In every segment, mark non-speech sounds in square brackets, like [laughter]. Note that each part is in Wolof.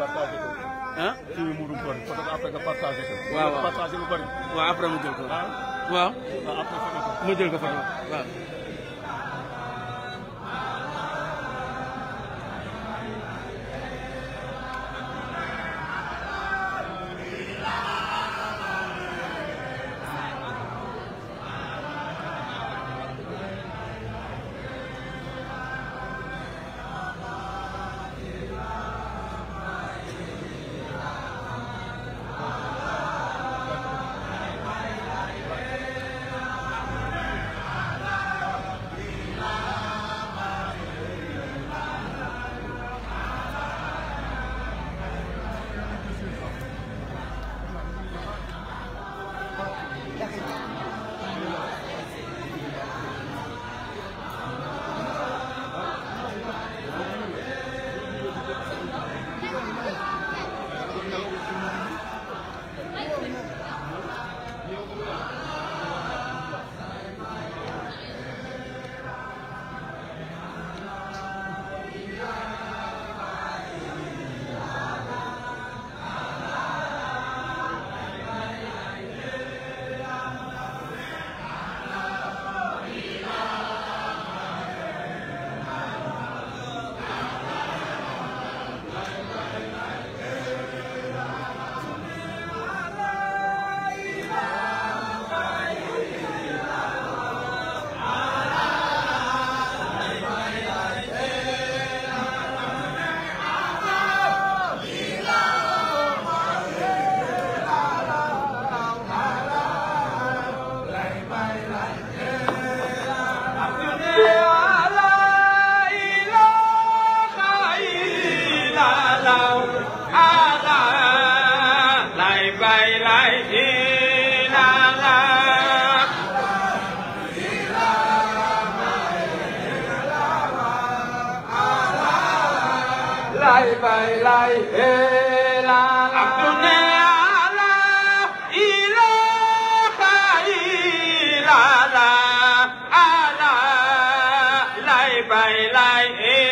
partagé ko. ah kii bi muudum koor parce que après nga partagé ko. waaw waaw partagé lu bëri. waaw après mu jël ko. waaw waaw. après ma jël ko fa waaw. I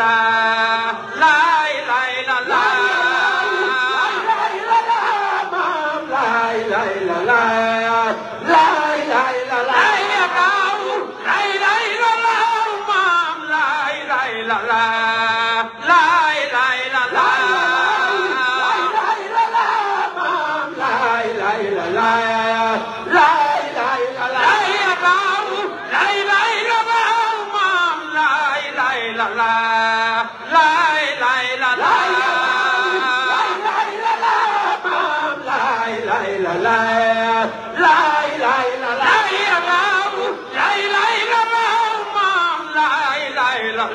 la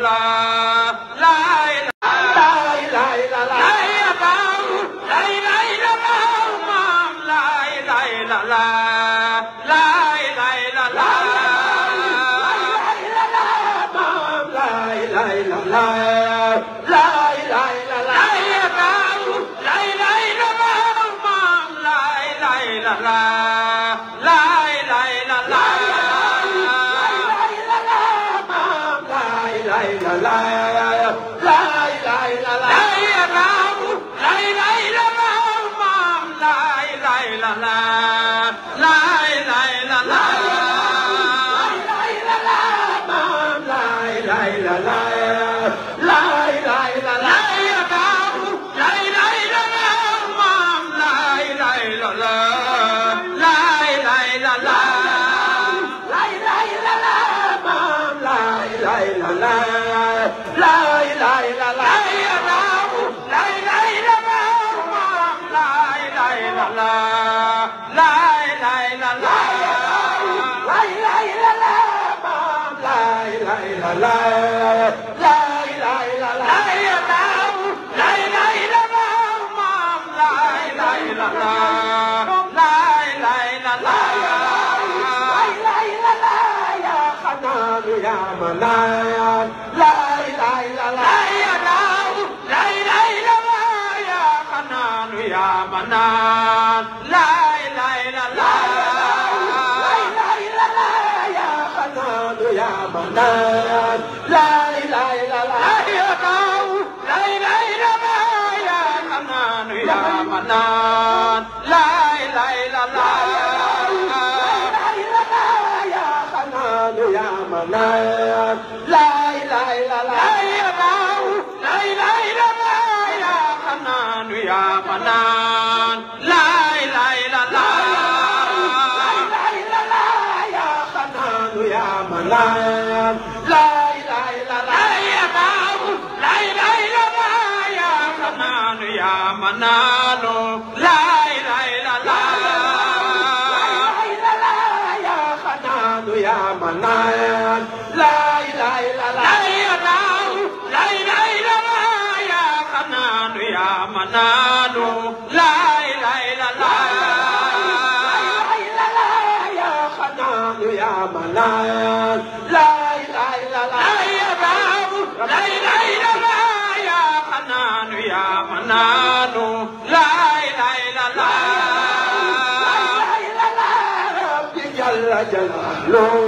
Ah. منان منان لا إله إلا الله لا إله إلا الله يا منان يا منان لا إله إلا الله يا لا إله إلا الله يا منان يا منان la Hello.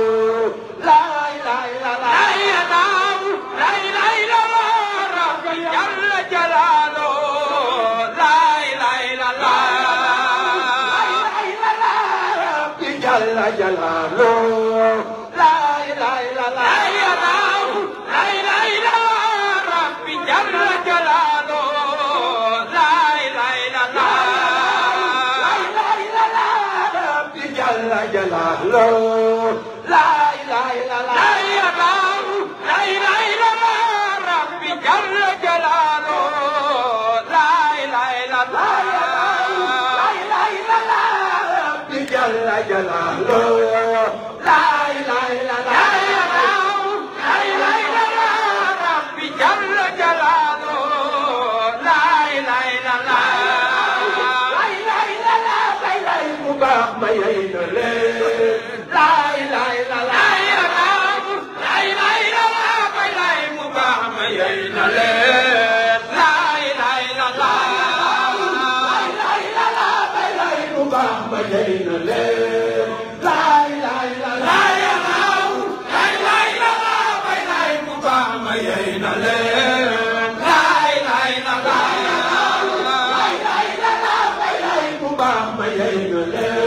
Amen. Amen.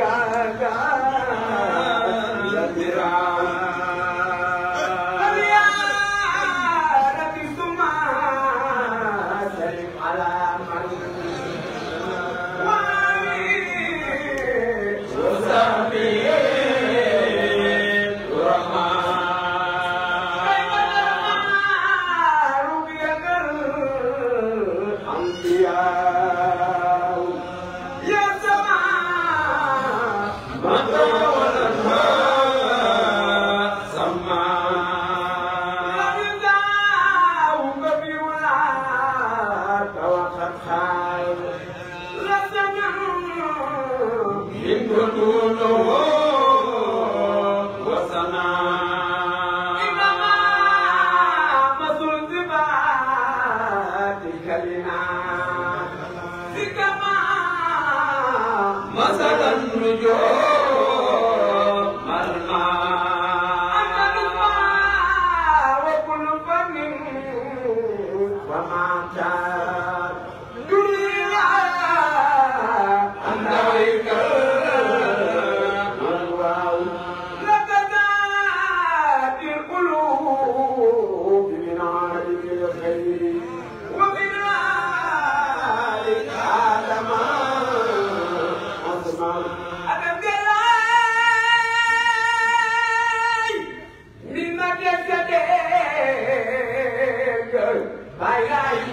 Gaga. ai, ai.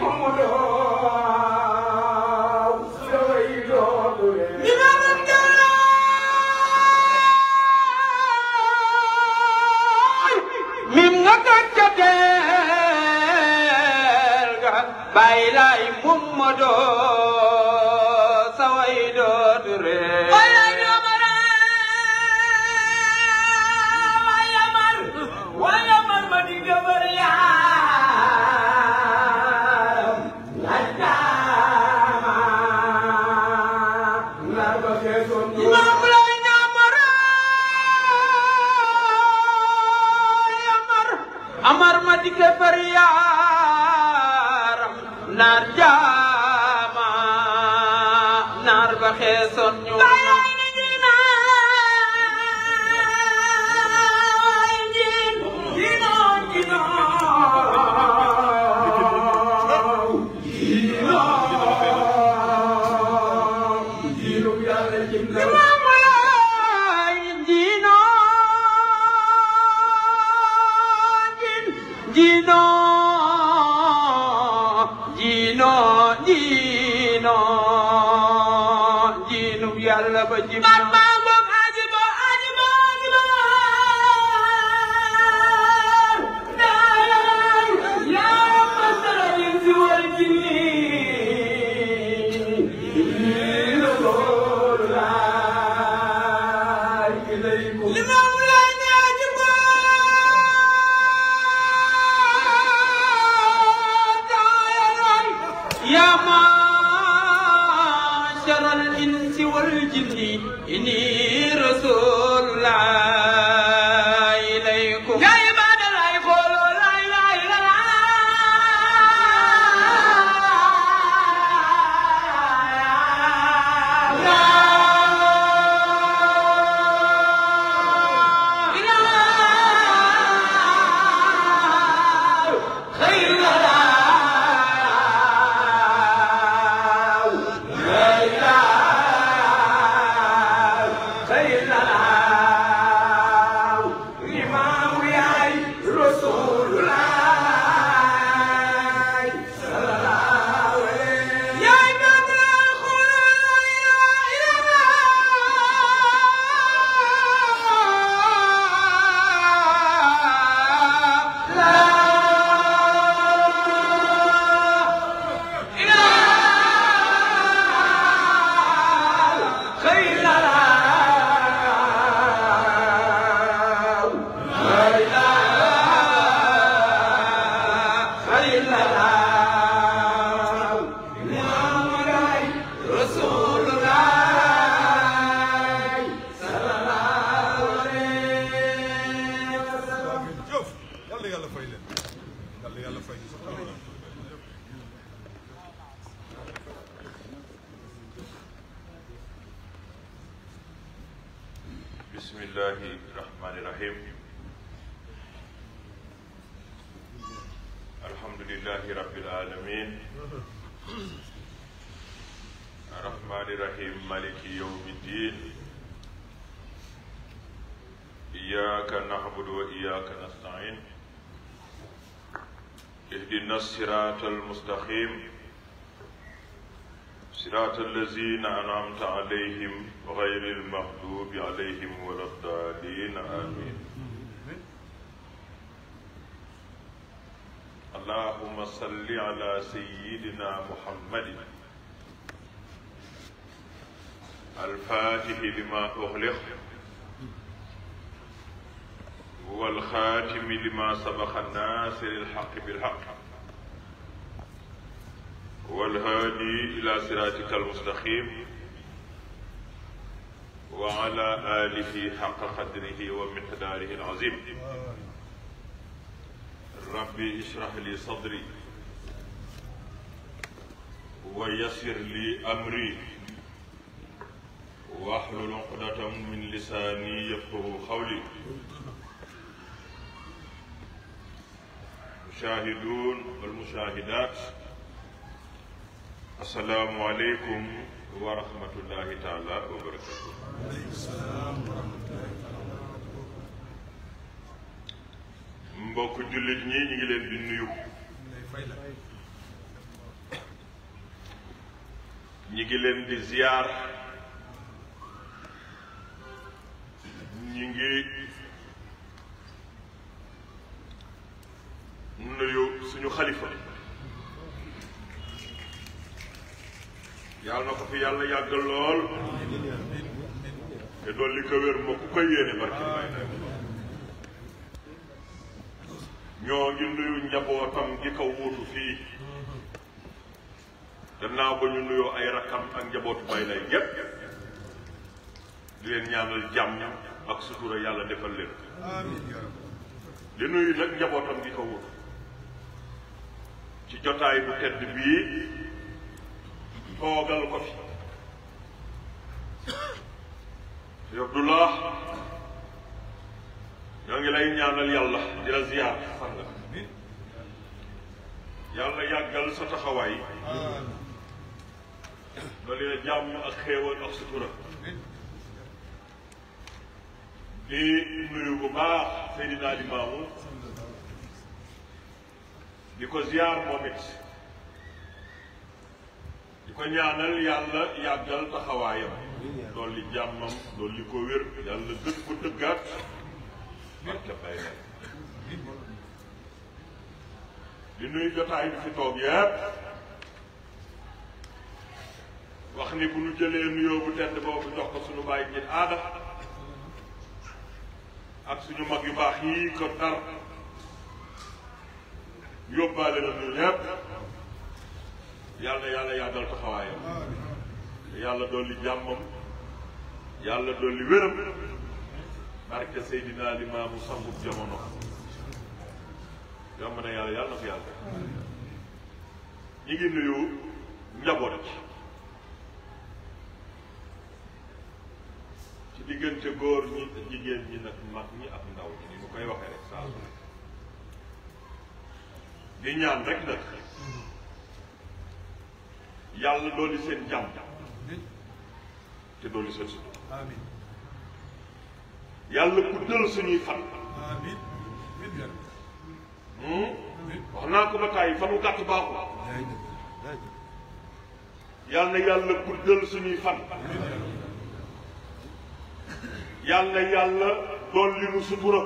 المستقيم صراط الذين أنعمت عليهم غير المغضوب عليهم ولا الضالين آمين اللهم صل على سيدنا محمد الفاتح لما أغلق والخاتم لما سبق الناس للحق بالحق إلى صراطك المستقيم وعلى آله حق قدره ومقداره العظيم ربي اشرح لي صدري ويسر لي أمري واحلل عقدة من لساني يفقه قولي المشاهدون والمشاهدات asalaamualeykum wa rahmatullahi taala wa barakatu jullit ñi ñu ngi leen di nuyu ñu ngi leen di ziyaar ñu ngi te wér moo ku koy yéene barki may ñoo ngi nuyu njabootam gi ko wuutu fii gannaaw ba ñu nuyoo ay rakkam ak njabootu bay lay gépp leen ñaanal jàmm ak sutura yàlla defal leen di nuyu nag njabootam gi ko wuutu ci jotaay bu tedd bii toogal ko fi Cheikh Abdullah ñoo ngi lay ñaanal yàlla di la ziyaar yàlla yàggal sa taxawaay dooli la jàmm ak xéewal ak sutura di nuyu bu baax Seydina Limaamu di ko ziyaar moom it di ko ñaanal yàlla yàggal taxawaayam dolli jàmmam dolli ko wér yàlla gën ko dëggaat li nuy jotaay bi fi toog yépp wax ni bu nu jëlee nuyoo bu tedd boobu jox ko suñu bàyyi ngir aada ak suñu mag yu baax yi ko tar yóbbaale la ñu yàlla yàlla yàggal taxawaayam yàlla dolli jàmmam yàlla dolli wéram barke Seydina Limaamu sangu jamono yomb na yàlla yàlla na ko yàlla ñi ngi nuyu njaboot ci diggante góor ñi jigéen ñi nag mag ñi ak ndaw ñi ni mu koy waxee rek saa su ñaan rek nag yàlla dooli seen jàmm te doolu seen suñu suñuy fan amiin hmm? wax naa ko ba na yàlla guddal suñuy fan yàlla na yàlla doon li nu sutura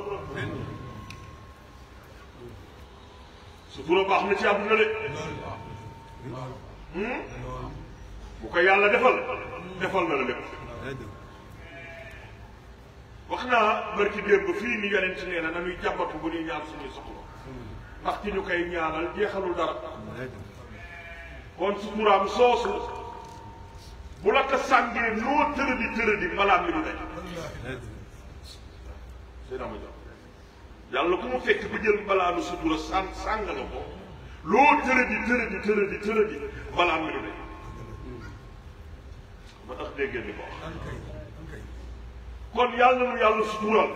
sutura baax na ci àdduna de hmm? bu ko yàlla defal defal na la lépp wax naa barki démb fii ni yonent nee na nañuy jàppatu bu ñuy ñaan suñuy soxla ndax ci ñu koy ñaanal jeexalul dara kon sukuraam soosu bu la ko sàngee noo tërëdi tërëdi malaan li mu yàlla ku mu fekk bu jël balaanu sutura sàn sàng la ko loo tërëdi tërëdi tërëdi tërëdi malaan li ba tax dégg ngeen kon yàlla na yàlla sutural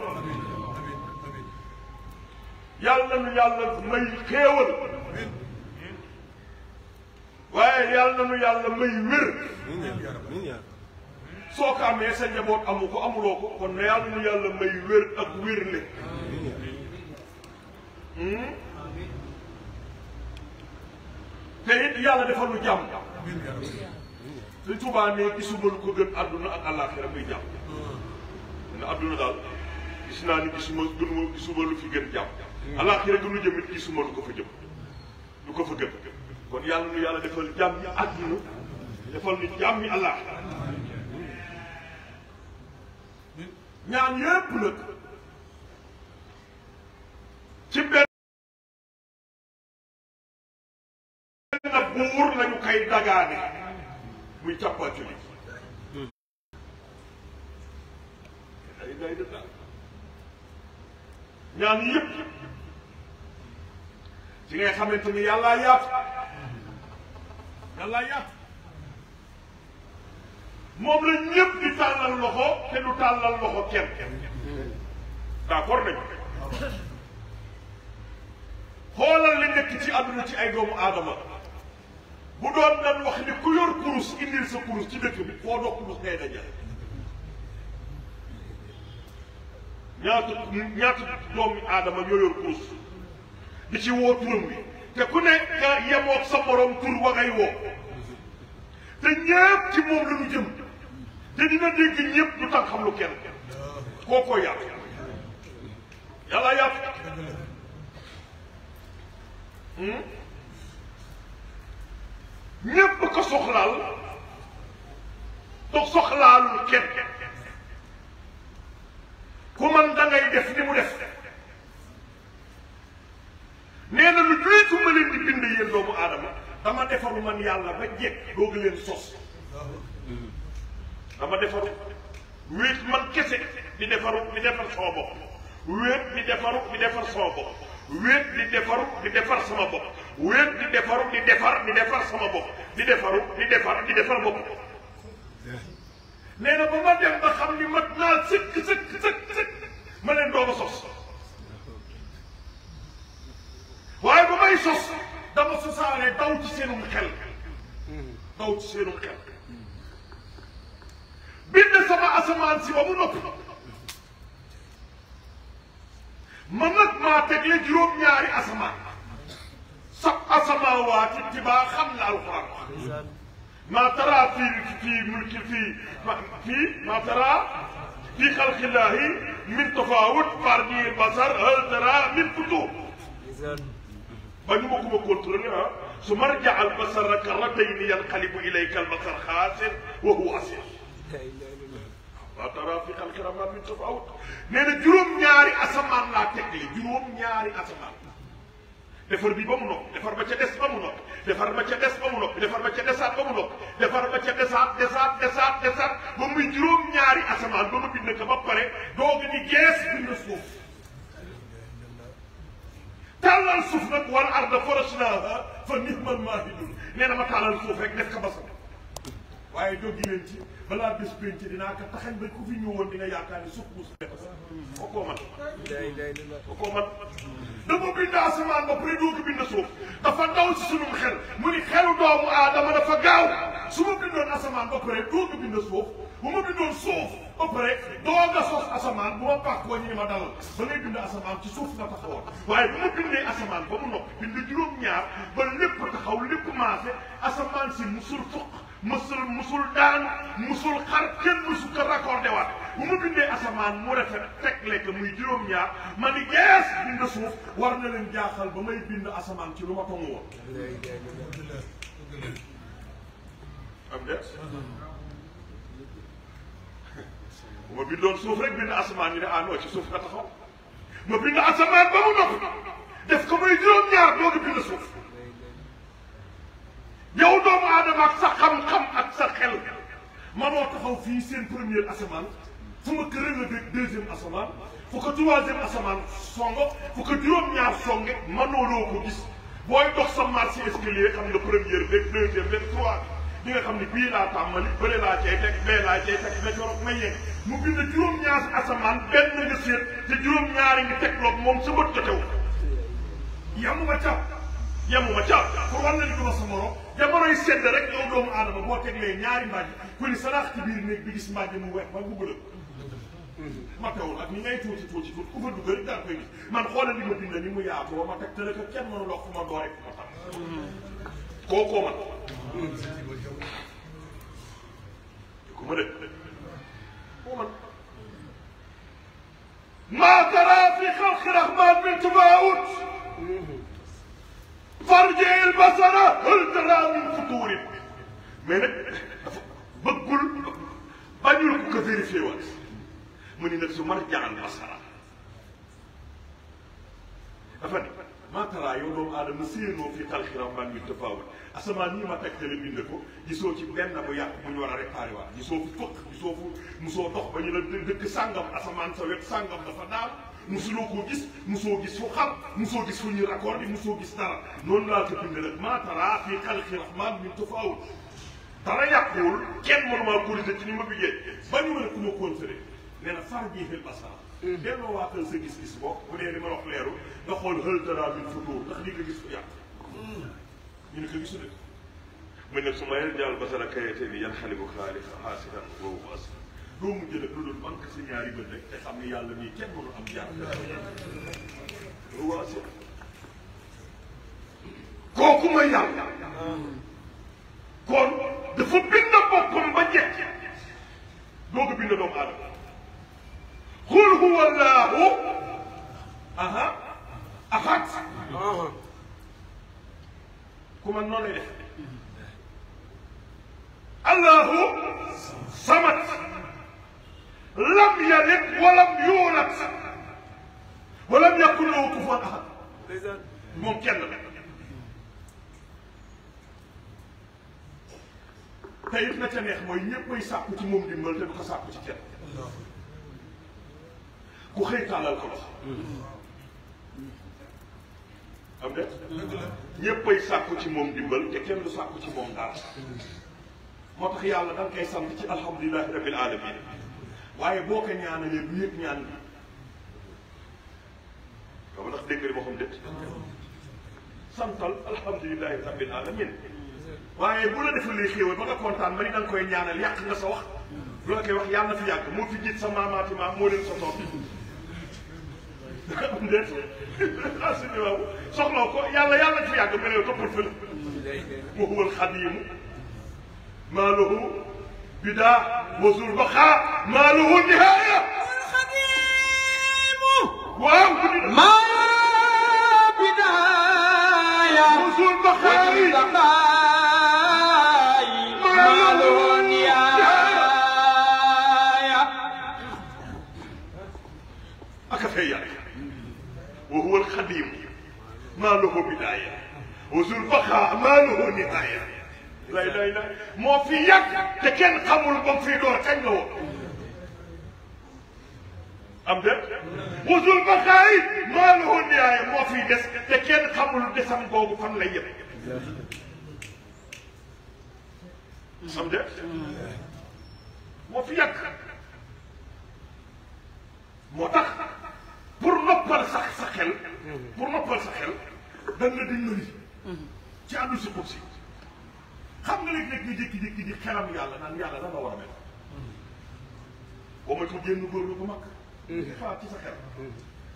yàlla na yàlla may xéewal waaye yàlla na yàlla may wér soo ko amee sa njaboot amu amuloo ko kon na yàlla na yàlla may wér ak wérle hmm? te it yàlla defal jàmm. li Tuubaa ne gisuma lu ko gën àdduna ak àllaaxira muy jàmm na àdduna daal gis naa ni gisuma gënuma gisuma lu fi gën jàmm àllaaxira gënu jëm it lu ko fa jëm lu ko fa gën kon yàlla nu yàlla defal jàmm yi àdduna defal nu jàmm yi ñaan yépp nag ci benn buur lañu koy dagaane muy càppaaculi ay day def daal ngay xamante ni yàllaa yaatu yàllaa yaatu moom la ñëpp di tàllal loxo kenn d'accord nañu xoolal li nekk ci àdduna ci ay doomu aadama bu doon kurus ci dëkk bi foo doo kurus doomi aadama ñoo yor kurus di ci woo turam bi te ku ne nga yemoog sa morom tur wa te ñépp ci moom la ñu jëm te dina dégg ñépp du tax lu kenn kookoo yàq yàlla yàq hmm? ñépp ko soxlaal te soxlaalul kenn ku man da def li mu def nee na lu jiitu ma leen di bind yéen doomu aadama dama defaru man yàlla ba jekk doog leen sos dama defaru wéet man kese di defaru di defar sama bopp wéet di defaru di defar sama bopp wéet di defaru di defar sama bopp wéet di defaru di defar di defar sama bopp di defaru di defar di defar bopp nee na ba ma dem ba xam ni mat naa sëkk sëkk sëkk sëkk ma leen doog sos waaye ba may sos dama sosaale daw ci seenum xel daw ci seenum xel bind sama asamaan si ba mu noppi man nag maa tegle juróom-ñaari asamaan سبع سماوات اتباعا للقران ما ترى في في ملك في في ما ترى في خلق الله من تفاوت فردي البصر هل ترى من فتور بنمكم كنترنا ثم ارجع البصر كرتين ينقلب اليك البصر خاسر وهو اسير ما ترى في خلق الله من تفاوت نين جروم نياري اسمان لا تكلي جروم نياري اسمان defar bi ba mu noppi defar ba ca des ba mu noppi defar ba ca des ba mu noppi defar ba ca desaat ba mu noppi defar ba ca desaat desaat desaat desaat ba muy juróom-ñaari asamaan ba mu bind ko ba pare doog ni gees bind suuf tàllal suuf nag wal arda farashnaaha fa nihmal maahidun nee na ma tàllal suuf rek def ko ba sax waaye doggi leen ci balaa bés pénc dinaa ko taxañ ba ku fi ñëwoon di yaakaar ne suuf bu suuf ko ko man ko man dama bind asamaan ba pare doo ko bind suuf dafa daw si sunum xel mu ni xelu doomu aadama dafa gaaw su ma bindoon asamaan ba pare doo ko bind suuf bu ma bindoon suuf ba pare doo nga sos asamaan bu ma pàkkoo ñu ne ma dalal ba ngay bind asamaan ci suuf nga taxawoon waaye bu ma bindee asamaan ba mu noppi bind juróom-ñaar ba lépp taxaw lépp maase asamaan si mu surtuq mësul mësul daanu mësul xar kenn mësu ko raccordé waat bu ma asamaan mu rafet teg lekk muy juróom-ñaar ma ni gees suuf war na leen jaaxal ba may bind asamaan ci lu ma toŋu woon. am de ma bindoon suuf asamaan ñu ne ah non ci suuf nga taxaw ma asamaan ba mu noppi def ko muy juróom-ñaar doogu bind suuf. yow doomu aadama ak sa xam-xam ak sa xel manoo taxaw fii seen première asamaan fu ma ko relevé deuxième asamaan fu ko troisième asamaan songo fu ko juróom-ñaar songe manoo loo ko gis booy dox sa marché escalier xam nga première beeg deuxième beeg trois bi nga xam ne bii laa tàmmali bële laa cay teg bee laa cay teg ba jorog ma yegg mu bind juróom-ñaar si asamaan benn nga seet te juróom-ñaari nga teg moom sa bët yam nga càpp yemuma ca pour war nañ sa morom jamonoy sedd rek yow doomu aadama boo teglee ñaari mbaaj ku ni sarax ci biir néeg bi gis mbaaj mu weex ba bugg la ma tawul ak ni ngay tuuti tuuti ku fa dugg rek daan koy gis man xoolal li ma bind ni mu yaatu ba ma teg tële ko kenn ma doore fu ma tax kookoo man maa tara fi farjil basara hal taraa min futuurin mais nag dafa bëggul bañul ku ko vérifié mu ni nag su marjaan basara dafa ne maa taraa yow doomu aadama séenoo fi xalqi rahmaan bi tafaawul asamaan nii ma tegtale bind ko gisoo ci benn bu yàq bu ñu war a réparé waat gisoo fu fëkk gisoo fu musoo dox ba ñu la dëkk sàngam asamaan sa wet sàngam dafa daal musuloo koo gis musoo gis fu xam musoo gis fu ñuy raccordé musoo gis dara noonu laa ko bind nag maa tara fi xalqi rahman min tafaawul dara yàquwul kenn mënumaa corrigé ci ni ma bindee ba ñu mën a ku ma contré nee na far jii xel basara delloo waatal sa gis-gis bopp bu dee li ma wax leeru nga xool hël dara min futóor ndax li nga gis fu yàq ñu ne ko gisu de mu ne su ma yel jaal basara kayete ni yan xalibu xaali xaasidan boobu asra doo mujj nag lu dul man si ñaari bët rek te xam ne yàlla kon dafa bind boppam ba jekk doo ko bind doomu aadama xul huwa laahu aha ahad ku man noonu allahu samad لم يلد ولم يولد ولم يكن له كفوا احد moom kenn la te it na ca neex mooy ñëpp ay sàkku ci moom dimbal te du ko sàkku ci kenn ku xëy tàllal ko loxo am de ñëpp ay sàkku ci moom dimbal te kenn du sàkku ci moom daal moo tax yàlla da nga koy sant ci alhamdulilahi rabil alamin waaye boo ko ñaanalee du yëg ñaan bi dama ndax dégg nga xam déet santal alhamdulilahi rabbil alamin waaye bu la defalee xéewal ba nga kontaan ba ni da nga koy ñaanal yàq nga sa wax loo koy wax yàlla na fi yàgg moo fi jiit sa maamaati maam moo leen sa tool am déet asini waaw soxloo ko yàlla yàlla na fi yàgg nga ne yow toppal fa la wa huwa alxadimu maa lahu بدا وزور بقاء ما له نهاية ما بداية وزور بقاء وهو القديم ما له بداية وذو البقاء ما له نهاية lay lay lay moo fi yàgg te kenn xamul ba fii door kañ la woon am de wusul ba xaay maa la woon yaaye moo fi des te kenn xamul desam googu am de moo fi yàgg moo tax pour noppal sax sa xel pour noppal sa xel dañ la si xub nga jékki-jékki di xelam yàlla naan yàlla lan war a mel. boo moytuwul génn góor lu ko mag. Mm-hmm. xalaat ci sa xel.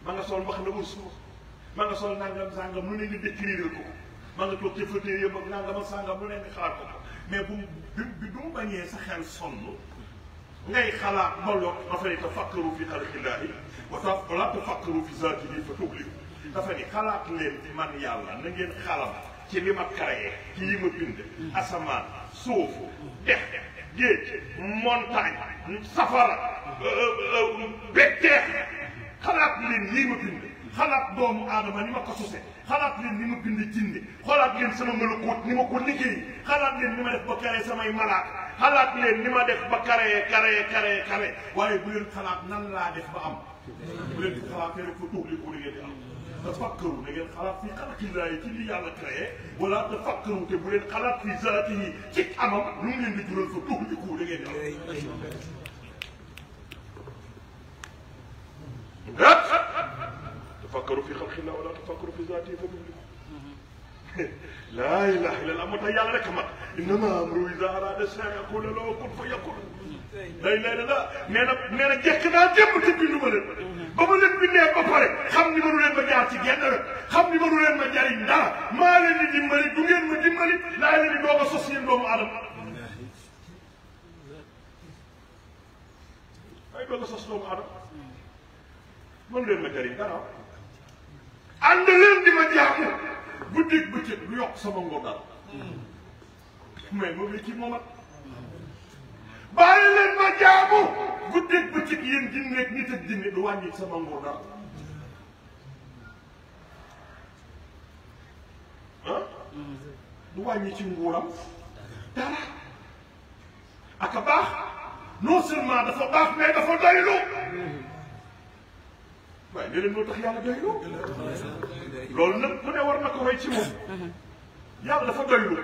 ma sol mbaxana wër suuf ma nga sol nangam sangam lu ne nga décrire ko ma nga toog ca fauteuil yëpp ak nangam sangam lu ne nga xalaat ko mais bu bi mu bañee sa xel sonn. ngay xalaat mbooloo dafay tafakkaru fi xalqillaahi wa la tafakkaru fi zaatihi fa tubliku dafa ni xalaat leen ci man yàlla na xalam ci li ma créé suuf dex géej montagne safara becteex xalaat leen nii ma bind xalaat doomu aadama ni ma ko sose xalaat leen ni ma bind jinne xalaat leen sama malakoot ni ma ko liggéey xalaat leen ni ma def ba karee samay malaat xalaat leen ni ma def ba karee karee karee karee waaye bu leen xalaat nan laa def ba am bu leen xalaat rek ko tuux li ko liggéey di am تفكروا لكن قرار في خلق الله كل يعلى كراي ولا تفكروا تقولين قرار في ذاته تك أمام نونين بدون الفتوح يقول لكن تفكروا في خلق الله ولا تفكروا في ذاته فمهلكوا لا اله الا الله متى يعلى كما انما امره اذا اراد شيئا يقول له كن فيكون léeg-léeg la nee na nee na jekk naa démb te bindu ma leen ba ma leen bindee ba pare xam ni mënu leen ma jaar ay doog a sos doomu aadama mënu leen ma jariñ dara ànd leen di ma jaamu guddeeg bëccëg du yokk bàyyi leen ma jaamu guddeeg bëccëg yéen jinneeg nit ak jinne du wàññi sama nguur dara ah du wàññi ci nguuram dara aka baax non seulement dafa baax mais dafa doylu waaye leneen moo tax yàlla doylu loolu nag mu ne war na ko roy ci moom yàlla dafa doylu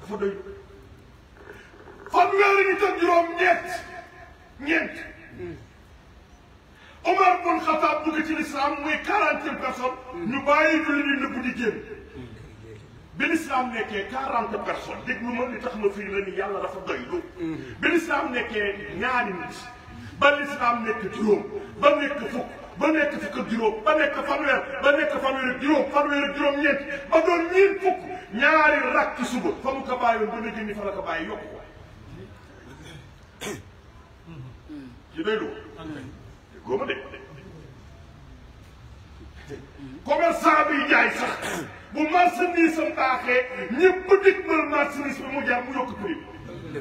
dafa doylu fanweeri nit ak juróom ñeent ñeent Omar bun Xataab dugg ci lislaam muy quarantième personne ñu bàyyi julli ñu nëbb di génn bi lislaam nekkee quarante personnes déglu ma li tax ma firi la yàlla dafa doy lu bi lislaam nekkee ñaari nit ba lislaam nekk juróom ba nekk fukk ba nekk fukk juróom ba nekk fanweer ba nekk fanweer ak juróom ñeent ba doon ñeent fukk ñaari rakk suba fa ko bàyyoon ba na génni ko bàyyi yokk ci doy lu góoma de commerçant bi jaay sax bu marchandise am baaxee ñëpp dikkal marchandise bi mu jaar mu yokk prix bi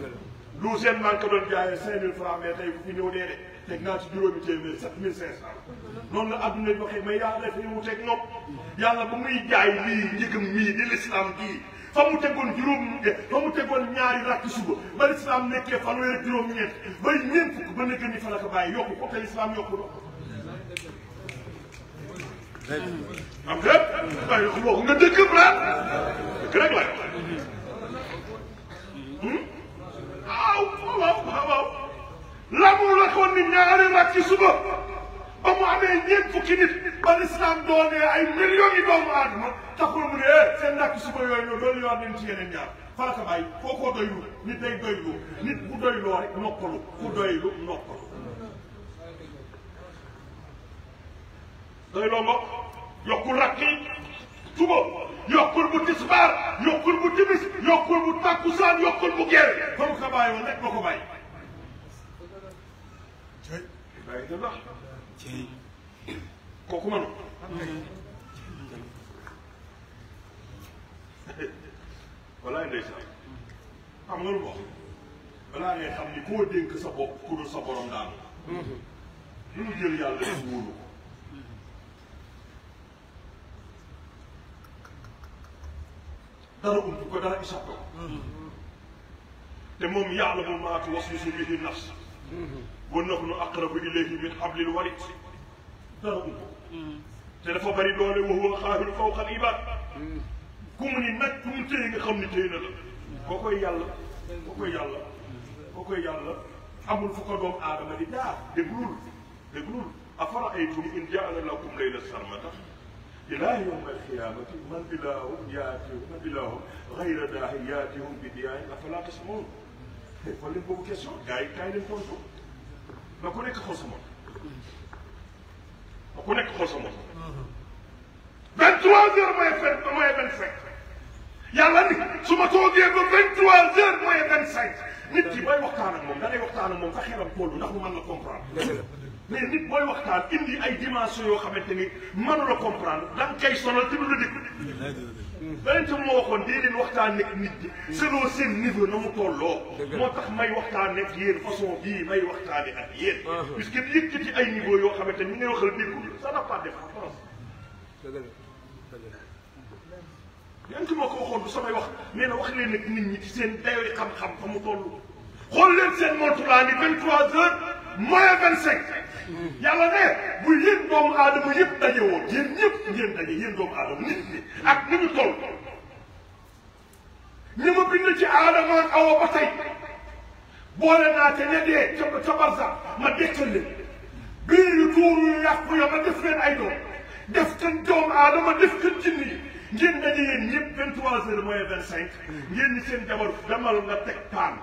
lu seen man ko doon jaayee cinq mille francs mais tey bu ñëw dee de teg naa ci juróomi téeméer sept mille cinq cent noonu la adduna yi waxee mais yàlla def ñu wuteeg ñoom yàlla bu muy jaay lii njëgam mii di l'islam gii fa mu tegoon juróom fa mu tegoon ñaari rakk suba ba lislaam nekkee fanweer juróom-ñeent bay ñeent fukk ba nekk ni fa la ko bàyyi yokku ko te lislaam yokku na am dé waaye wax waxu nga dëgg plan dëgg rek la hmm? waaw waaw waaw la mu waxoon ni ñaari rakk suba ba mu amee ñeent fukki nit ba lislaam doonee ay millions yi doomu aadama taxul mu ne eh, seen ndàkk suba yooyu noonu loolu yoon nañ ci yeneen ñaar farata bàyyi foo ko doylu nit day doylu nit bu doyloo rek noppalu doylu noppalu doyloo mbokk yokkul rakk yokkul bu tisbaar yokkul bu timis yokkul bu takkusaan yokkul bu gere fa mu ko bàyyi woon rek kooku man walaay ndeysaan am loolu wax balaa ngay xam ni koo dénk sa bopp ku dul sa borom daal lu mu ko dara ump ko dara isaat ko mm-hmm. te moom yàlla bu maatu waswisu bihi nafs ونحن أقرب إليه من حبل الوريد تلف بري دولي وهو القاهر فوق الإبان كمني نك كمني تيغي خمني تينا كوكو يالا كوكو يالا كوكو يالا أمون فوق دوم آدم دي دار دبلول دبلول أفرأيتم إن جعل لكم ليلة سرمتا إلى يوم القيامة من إله ياتيهم من إله غير داهياتهم بدياء أفلا تسمون فلن بوكسون جاي كاين فوزون ba ko nekk xool sa moom ba ku nekk xool sa moom vingt trois heures mooy ye mooy vingt cinq yàlla ni su ma toogee ba vingt trois heures mooy vingt cinq nit ki booy waxtaan ak moom da ngay waxtaan ak moom sa xelam tollu ndax mu mën la comprendre mais nit booy waxtaan indi ay dimension yoo xamante ni mënu la comprendre da nga koy sonal بنت موخون دي لين وقتها نك ند سلو سين نيفو نمو تولو موتاخ ماي وقتها نك يين فاصون بي ماي وقتها نك يين بيسكي ليكتي اي نيفو يو خامتا ني نيو خل بيكو سا لا با دي فرانس دغال دغال بنت موخون خون بو ساماي وقت نينا واخ لي نك نيت ني سين دايو خام خام فمو تولو خول لين سين مونتو لاني 23 moins vingt cinq yàlla ne bu yéen doomu aadama yëpp daje woon yéen ñëpp ngeen daje yéen doomu aadama nit ñi ak ni ñu toll ñu ma bind ci aadama ak awa ba tey boole naa te ne dee ca ma dekkal leen biir yu tuuru yu yàqu ya ma def leen ay doom def kan doomu aadama def kan jinni yi ngeen daje yéen ñëpp vingt trois heures ngeen seen jabar damal nga teg paan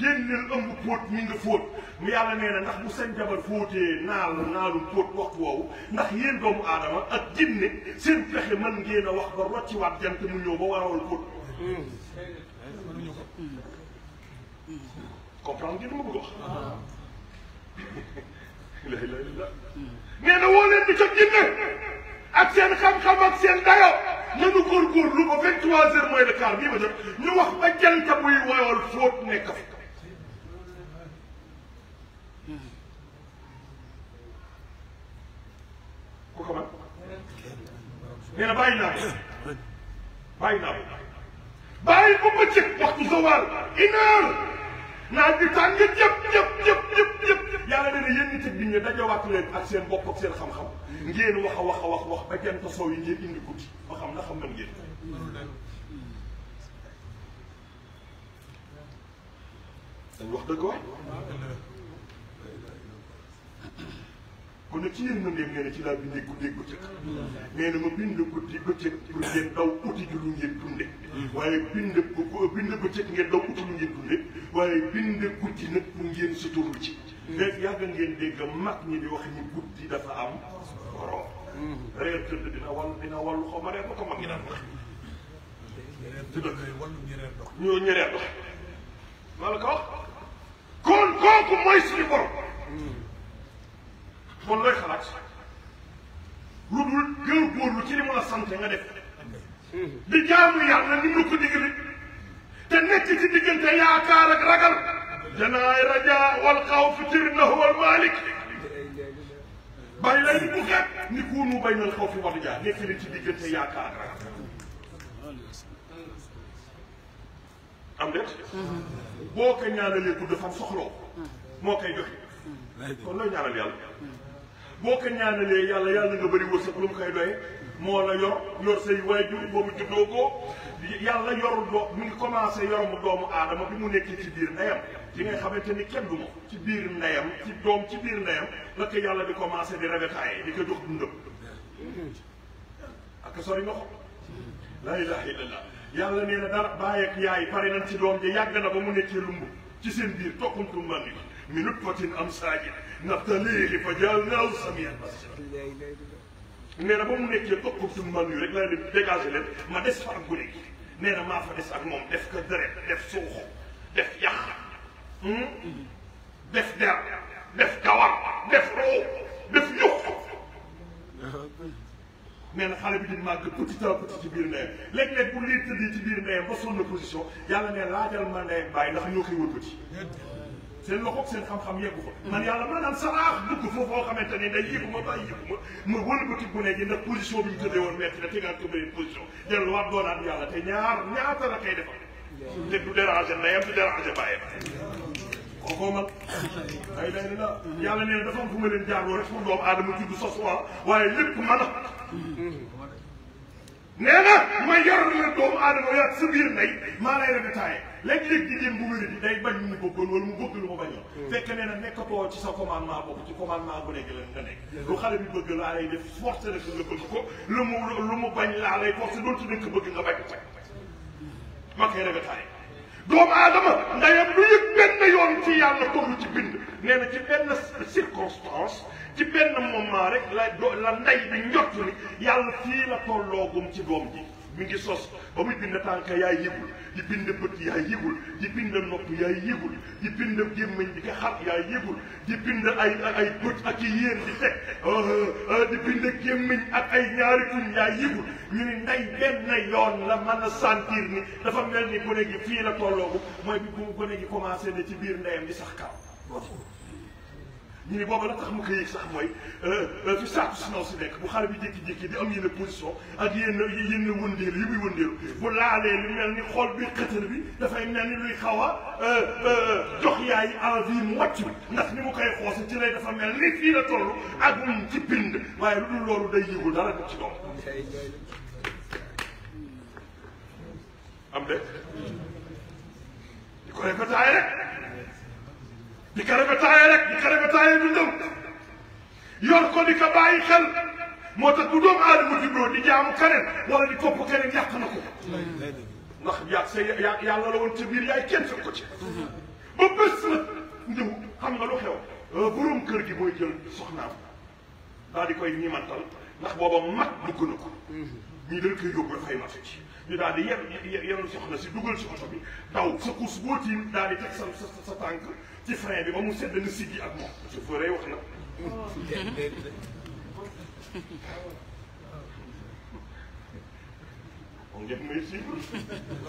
génnel ëmb póot mi nga fóot mu yàlla nee na ndax bu seen jabar fóotee naal naalu póot waxtu woowu ndax yéen doomu aadama ak jinne seen pexe man ngeen a wax ba rocciwaat jant mu ñëw ba warawal póot comprendre ngeen ma bëgg wax la ilaha illallah nee na woo leen di jot jinne ak seen xam-xam ak seen dayo nanu góorgóorlu lu ko 23 heures mooy le quart bii ba jot ñu wax ba jant muy woyol fóot nekk fi ko man nee na bàyyi naa ko bàyyi naa ko bàyyi ba bëccëg waxtu zawal une heure naaj bi tàng yëpp yëpp yëpp yëpp yëpp yàlla nee na yéen nit ak nit ñi leen ak seen bopp ak seen xam-xam ngeen wax a wax a wax wax indi guddi ba xam na xam na ngeen dañ wax dëgg ku ne ci yéen ma ndéem nee ci laa bindee guddeeg bëccëg nee na ma bind guddi bëccëg pour ngeen daw uti ji lu ngeen dunde waaye bind bind bëccëg ngeen daw uti lu ngeen dunde waaye guddi nag ngeen suturlu ci mais yàgg ngeen dégg mag ñi di wax ni guddi dafa am borom reer tëdd dina wàllu dina wàllu xaw ma reer ma ko mag ñi daan wax ñoo ñereer dox maa ko wax kooku mooy suñu borom moom looy xalaat lu dul gën góorlu ci li mu la sant nga def di jaamu yàlla ni mu ko digle te nekk ci diggante yaakaar ak ragal janaay rajaa wal xawf tirnahu wal malik bàyyi lay bu xeeb ni kuunu bay nal xaw fi wadu jaar nekk leen ci diggante yaakaar ak ragal am déet boo ko ñaanalee gudd fan soxloo moo koy joxe kon looy ñaanal yàlla boo ko ñaanalee yàlla yàlla nga bëri wërsëg lu mu koy doyee moo la yor yor say waajur boobu juddoo ko yàlla yoru doo mu ngi commencé yoromu doomu aadama bi mu nekk ci biir ndeyam li ngay xamante ni kenn du ci biir ndeyam ci doom ci biir ndeyam la ko yàlla di commencé di ragataayee di ko jox dundam ak sori nga ko la ilaha illallah yàlla nee na dara bàyyi ak yaay pare nañ ci doom ji yàgg na ba mu nekkee lumb ci seen biir tokkuntu man ni minute potin am saajid naftali fa jaalnaahu samii'an basiiraa nee na ba mu nekkee topp suñu man yu rek laa leen dégagé leen ma des fa ak gune gi nee na maa fa des ak moom def ko deret def suux def yàq hmm? def der def kawar def roo def yux nee na xale bi di màgg petit à petit ci biir ndeyam léeg-léeg bu lii tëddee ci biir ndeyam ba sonn position yàlla ne laajal ma ndeyam bàyyi ndax ñoo koy wëlbati seen loxoog seen xam-xam yeggu ko man yàlla maanaam saraax dugg foofu foo xamante ni day yëgu ma bàyyi yëgu ma ma wëlbati gune gi ndax position bi ñu tëddee woon metti na tegaat ko beneen position delluwaat doonaat yàlla te ñaar ñaata la koy defal te du déranger ndeyam du déranger bàyyam kookoo mag ay day ni la yàlla nee dafa am fu ma leen jaaroo rek pour doomu aadama judd sos waa waaye lépp mën a nee na ma yor la doomu léeg-léeg jigéen bu wér di day bañ mu bëggoon wala mu bëgg lu hmm. nekk lan nga nekk lu xale bi bëgg laa lay def force rek ko lu mu lu mu bañ laa lay force doon su ma koy rafetaay doomu aadama ndayam lu yëg benn yoon ci yàlla ko lu ci bind nee na ci benn circonstance ci benn moment rek la la nday bi njott ni yàlla fii la tolloogum ci doom ji mu ngi sos ba muy bind tànk yaay yëgul di bind bët yaay yëgul di bind nopp yaay yëgul di bind gémmiñ di ko xat yaay yëgul di bind ay ay bët ak i yéen di teg ah, ah, di bind gémmiñ ak ay ñaari tuñ yaay yëgul ñu ni nday benn yoon la mën a sentir ni dafa mel ni gone gi fii la tolloogu mooy bi bu gone gi commencé na ci biir ndeyam di sax kaw ñu ni booba la tax mu ko yëg sax mooy fi saatu sinaw si nekk bu xale bi jékki-jékki di am yenn position ak yenn yenn wëndeelu yu muy wëndeelu bu laalee lu mel ni xool bi xëtër bi dafay mel ni luy xaw a jox yaay envie mu wàcc bi ndax ni mu koy xoose ci lay dafa mel ni fii la toll ak um ci pind waaye lu dul loolu day yëgul dara du ci doom am de di ko rek rek di ko répétaayee rek di ko répétaayee dundam yor ko di ko bàyyi xel moo tax bu doomu aadama juddoo di jaamu keneen wala di topp keneen yàq na ko ndax yaa sa yàlla la woon te biir yaay kenn fekk ko ci ba bés la ñëw xam nga lu xew borom kër gi mooy jël soxnaam daal di koy ñimantal ndax booba mag dugg na ko ñu dañ koy yóbbu dafay matu ci ñu daal di yen yenn soxna si dugal si oto bi daw sa kuus boo tiim daal di teg sa sa tànk ci frein bi ba mu sedd na siggi ak moom chauffeur yi wax na moom ñëpp muy si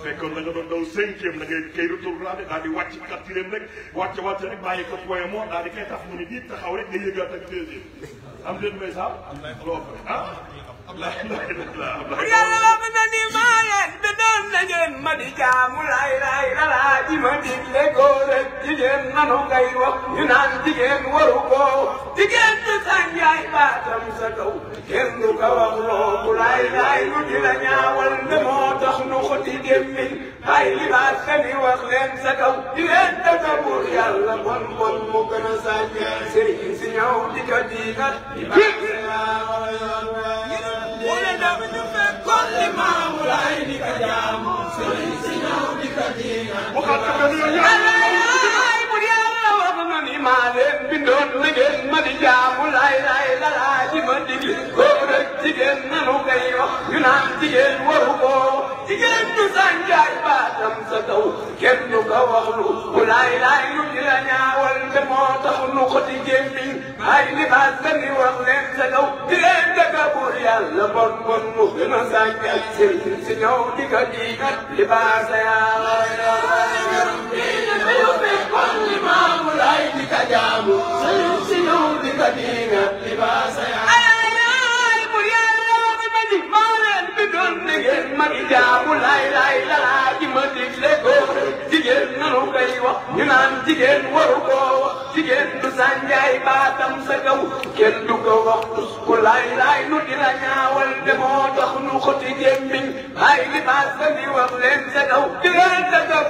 fekkoon na nga doon daw cinquième da ngay kay retourné daal di wàcc quatrième rek wàcc wàcc rek bàyyi ko point mort daal di kay tax mu ne bii taxaw rek nga yëgaat ak deuxième am leen may saal loo pare ah yàlla ma na ni maa leen da doon na ngeen ma di jaamu laay laay alaaji ma digle góor ak jigéen nanu ngay wax ñu naan jigéen waru ko jigéen du sañ yaay baatam sa kaw kenn du ko wax loobu laay laay di la ñaawal ne moo leen sa kaw di leen dafa buur yàlla bon bon mu gën a si ñëw di ko diigal di baax mu ne dama ñu fekkoon li maamu laay di ko jaamu sëriñ si ñëw di ko jiina maa leen bindoon na ngeen ma di jaamu laay laay lalaa ji ma digle góor ak jigéen nanu koy wax ñu naan jigéen waru ko jigéen du sànjaay baatam sa kaw kenn du ko waxlu bu laay laay lu di la ñaawal te moo tax nu ko di gémmiñ ay li baat sani wax leen sa kaw di leen dëgga buur yàlla bon bon mu gën a sànjaay sëriñ si ñëw di ko diigat li baat sa yàlla ka jaamu sa yu si ñëw di ko diingat libaasa yaa ne gis ma di jaabu laay laay lalaa di ma digle góor jigéen nanu koy wax ñu naan jigéen waru koo wax jigéen du sànjaay baatam sa kaw du ko wax ku laay laay nu di la ñaawal demoo tax nu xoti gémmiñ ay li baas ba wax leen sa di leen sa kaw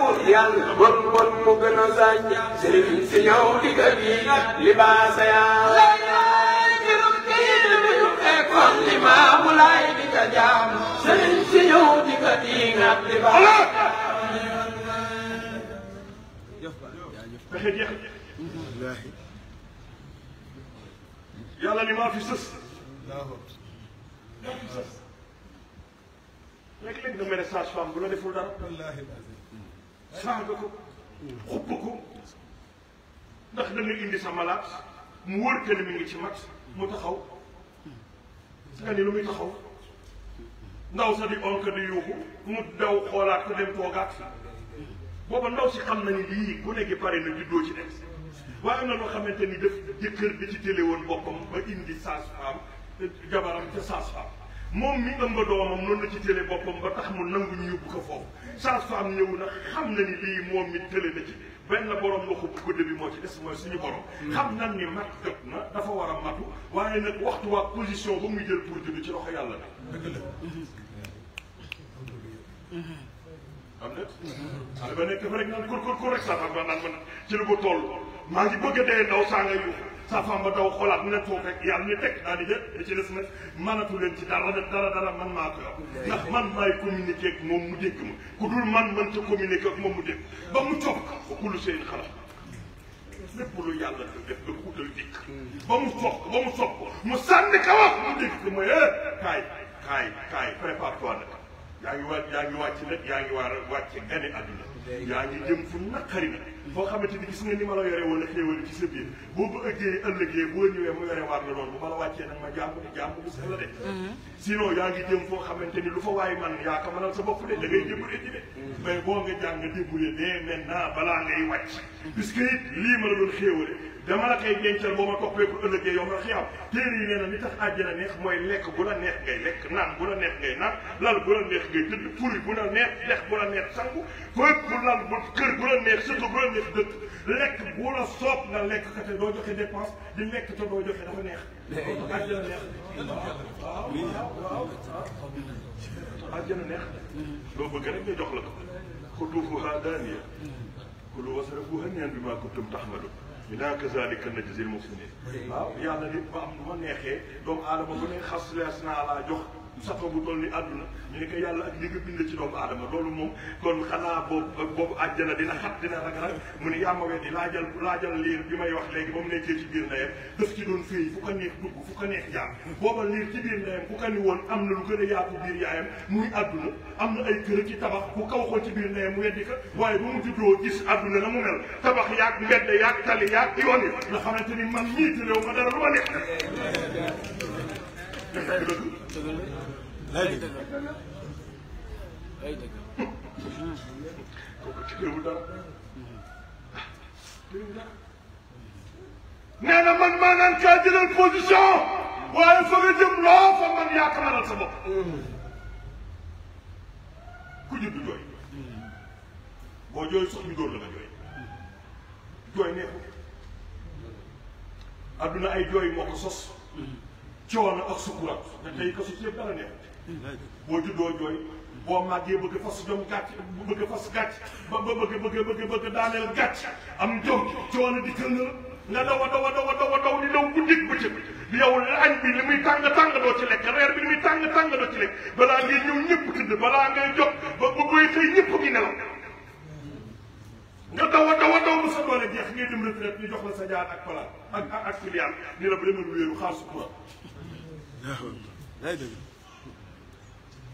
a li baasa yaa nekkoon li maamu laay di ko jaamu sëriñ si ñëw di ko diingat di ba yàlla ni maa fi sës maa fi sës léeg-léeg nga mere sage-femme bu la deful dara saaga ko xupp ko ndax da nga indi sa malade mu wóor que ne mi ngi ci mat mu taxaw يعني لو ميتخو ناو سادي اونك دي يوغو مو داو خولات كو ديم توغات بابا ناو سي خام ناني لي كو نيغي باري نيو دو سي ديس واي نا لو خامتاني ديف ديكر دي سي تيلي وون بوبام با اندي ساس فام جبارام تي ساس فام موم مي امبا دومام نون سي تيلي بوبام با تخ مو نانغو نيو بوكو فوف ساس فام نيو نا خام ناني لي مومي تيلي دا سي benn borom waxu gudde bi moo ci des mooy suñu borom. Hmm. xam nan ni mat jot na dafa war a matu waaye nag waxtu waa position ba muy jël pour jënd ci loxo yàlla la. dëgg la. xam nga. xale ba nekk dafa rek ci lu ko toll maa ngi bëgg a dee ndaw saa ngay yuuxu safamba daw xolaat mu ne toog rek yàlla ñu teg daal di jël ci des nag mënatu leen ci dara dara dara man maa ko yor ndax man maay communiquer ak moom mu dégg ma ku dul man man ta communiquer ak moom mu dégg ba mu coob ko kulu seen xalaat lépp lu yàlla du def da kuutal dikk ba mu soog ba mu soog mu sànni ka wax mu dégg ko mooy kaay kaay kaay prépare toi nag yaa ngi wàcc yaa ngi wàcc war a gane àdduna yaa ngi fu naqari nag boo xamante ni gis nga ni ma la yore woon a xéewal ci sa biir boo ëllëgee boo ñëwee mu yore waar la loolu bu ma la wàccee nag ma jàmm ni jàmm bu sell de mm-hmm. sinon yaa ngi jëm foo xamante ni lu fa waay man yaa ko mënal sa bopp de da ngay jëmburee ji de mm-hmm. mais boo nga jàng nga dimbulee dee maintenant balaa ngay wàcc puisque it lii ma la doon xéewale dama la koy dencal boo ma toppee ko ëllëgee yow ma xiyam téere yi nee na li tax àjjana neex mooy lekk bu la neex ngay lekk naan bu la neex ngay naan lal bu la neex ngay tëdd furi bu la neex lex bu la neex sangu fépp bu lal bu kër bu la neex surtout bu la neex dëkk lekk bu la soob nga lekk ka te doo joxe dépense di lekk te doo joxe dafa neex àjjana neex àjjana neex loo bëgg rek ñu jox la ko xuduufuhaa daaniya kulu wasrafuuhaa bi maa kuntum taxmaluun ila kazalika najzi al muslimin waaw yàlla nit ba am nu ma neexee doomu aadama bu ne xas lees naa laa jox safo bu toll ni àdduna ñu ne ko yàlla ak li nga bind ci doomu aadama loolu moom kon xanaa boobu boobu àjjana dina xat dina ragal mu ne yàmma weddi laajal laajal liir bi may wax léegi ba mu nekkee ci biir ndeyam daf ci doon fii fu ko neex dugg fu ko neex jaar booba liir ci biir ndeyam bu ko ni woon am na lu gën a yaatu biir yaayam muy àdduna am na ay kër ci tabax bu kaw xool ci biir ndeyam mu weddi ko waaye ba mu juddoo gis àdduna na mu mel tabax yaag mbedd yaag tali yaag yoon yi nga xamante ni man ñiiti réew ma dara lu ma neex dëgg nee na man ma naan kaa position waaye fa nga jëm loo fa yaa xamalal sa bopp ku jooy boo jooy sax ñu dóor la jooy jooy neexul adduna ay jooy moo ko sos coono ak sukuraat te tey ko si ceeb dara neex boo juddoo jooy boo màggee bëgg fas jom gàcc bëgg fas gàcc ba bëgg bëgg daaneel gàcc am jom coono di kër nga daw a a daw a daw a daw di daw guddik bëccëg yow añ bi li muy tàng tàng doo ci bi muy tàng tàng doo ci lekk balaa ngay ñëw ñëpp tëdd balaa ngay jot ba ba booy xëy ñëpp ngi nelaw nga daw a daw a daw ba sa doole jeex ngay dem retraite ñu jox la sa jaar ak palaat ak ak filial ni la ba demal wéeru xaar sukuraat day dëgg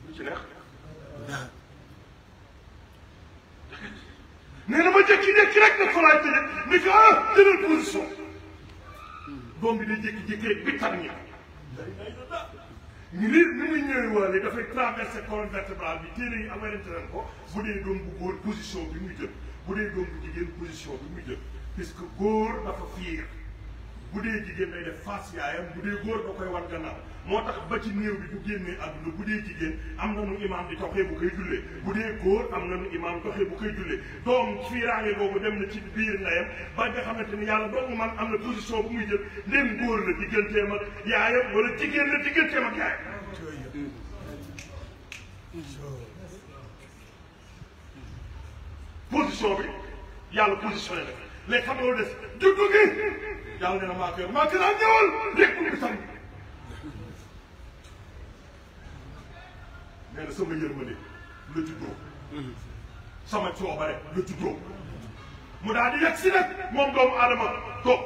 lu ci neex nee na ma jékki-jékki na ko laaj tëjee ni ko ah jëlal position doom bi da jékki-jékki rek bi tar ñi ñu ni muy ñëwee dafay traversé colonne vertébrale bi téere yi amalante nañ ko bu dee doom bu góor position bi muy jël bu dee doom bu jigéen position bi muy jël puisque góor dafa fiir bu dee jigéen day def face yaayam bu dee góor da koy wan gannaaw moo tax ba ci néew bi bu génnee àdduna bu dee jigéen am nañu imaam di toxee bu koy jullee bu dee góor am nañu imaam toxee bu koy jullee doom fiiraange boobu dem na ci biir ndeyam ba nga xamante ni yàlla doomu man am na position bu muy jël ndem góor la digganteem ak yaayam wala jigéen la digganteem ak yaayam position bi yàlla positionné la mais xam des juddu gi yàlla nee na maa ko yor maa ko naan ñëwal rek mu ngi tànn nee na sama juddoo sama coobare la juddoo mu daal di yegg si nag moom doomu aadama toog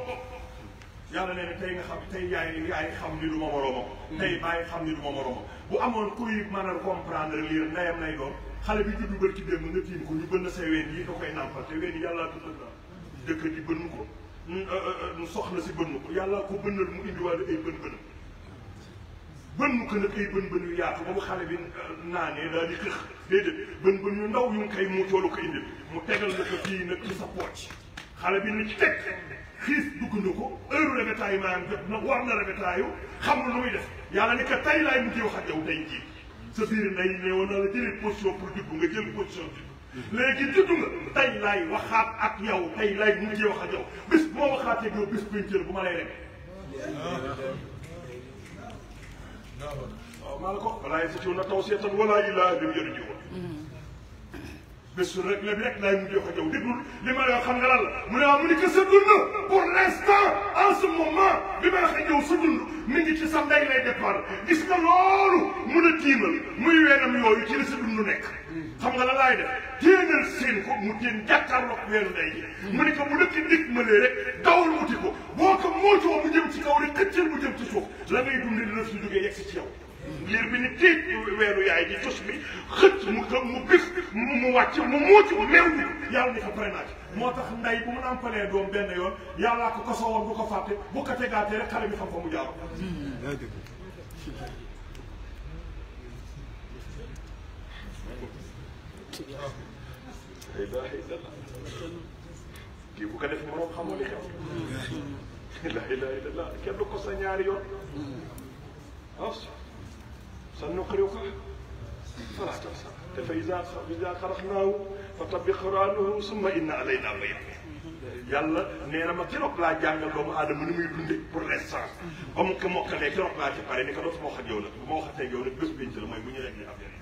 yàlla nee na tey nga xam tey yaay yaay xam ni du ma moroomam tey bàyyi xam ni du moroomam bu amoon kuy mën a comprendre lii ndeyam nay doon xale bi juddu bër ci démb nga tiim ko ñu bënn say ween yi da koy nàmpal te ween yi yàllaa dundal la dëkk di bënn ko نصحنا سي بنوك يا الله كو بن المو اندي والو اي بن بن بنوك نك اي بن بن يا خو بابا خالي بن ناني لا دي كخ ديد بن بن يو ندو يو كاي مو تولو كاي ندي مو تيغال نك في نك سا بوتش خالي بن نتي تك خيس دوك نكو اير ريغتاي ما ام جب نك وارنا ريغتايو خامو نو ميدس يا الله نك تاي لاي مو تي واخا ديو جي سفير ناي نيو نالا جيري بوزيشن بور دوبو نغا بوزيشن léegi juddu nga tey lay waxaat ak yow tey lay mujjee wax ak yow bis boo waxaatee yow bis péncër bu ma lay rek. waaw maa la ko. walaay si ci na taw seetan walaay laa dem jërëjëf. la bi rek laay mujjee ko jaw déglul li ma yoo xam nga lan la mu ne waaw mu ni que sa dund pour l'instant en ce moment li may wax ak yow sa dund mi ngi ci sa ndey lay départ gis nga loolu mun a tiimal muy weenam yooyu ci la sa dund nekk xam nga la laay def téenal seen ko mu teen jàkkaarloog weenu ndey ji mu ni que bu dëkk dikk ma lee rek dawal wuti ko boo ko mootoo mu ci kaw rek xëccal mu jëm ci suuf la ngay dund dina su jógee yegg si ci yow liir bi ni tiit weenu yaay ji cos bi xët mu mu bif mu mu muuc mu mi yàlla ni fa prénage moo tax nday bu mu am ko lee doom benn yoon yàllaa ko koso woon du ko fàtte bu ko tegaatee rek xale bi xam fa mu jaar kii bu ko def moroom xamoo li xew la ilaha سنقرئك فلا تنسى فاذا فاذا قرأناه فطبق قرانه ثم ان علينا بيانه يلا نينا ما كيروك لا جانغ دوم ادم نمي دوندي بور ريسان ام كي موخ لي كيروك لا تي باري نيكو دوس موخ ديو نك موخ تي ديو نك بس بين تي موي بني ريغني افير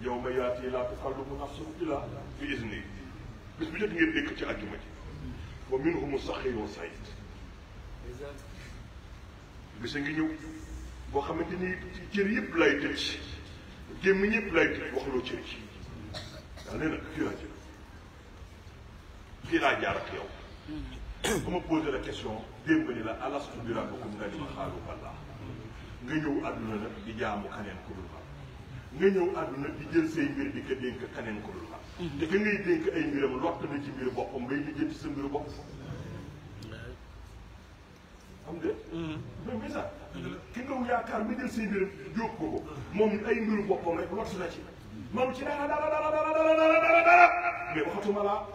يوم ياتي لا تقلب نفس الى باذني بس بيت نيب ديك تي اديما ومنهم الصخير والصيد بس نيو boo xamante ni cër yëpp lay tëj gémmiñ yëpp lay tëj waxuloo cër yi daal nee na fii laa jël fii laa jaar ak yow ba ma posé la question démb ni la alastu birabbikum nga ni ma xaalu balla nga ñëw àdduna nag di jaamu kaneen ku dul xam nga ñëw àdduna di jël say mbir di ko dénk kaneen ku dul ma mm-hmm. te ka ngay dénk ay mbiram lott na ci mbiru boppam ngay lijjanti sa mbir bopp xam nga. Mm-hmm. donc bi sax. yaakaar mu jël say mbir yóbbu ko moom ay mbiru boppam rek lottu na ci. moom ci dara dara dara mais waxatuma laa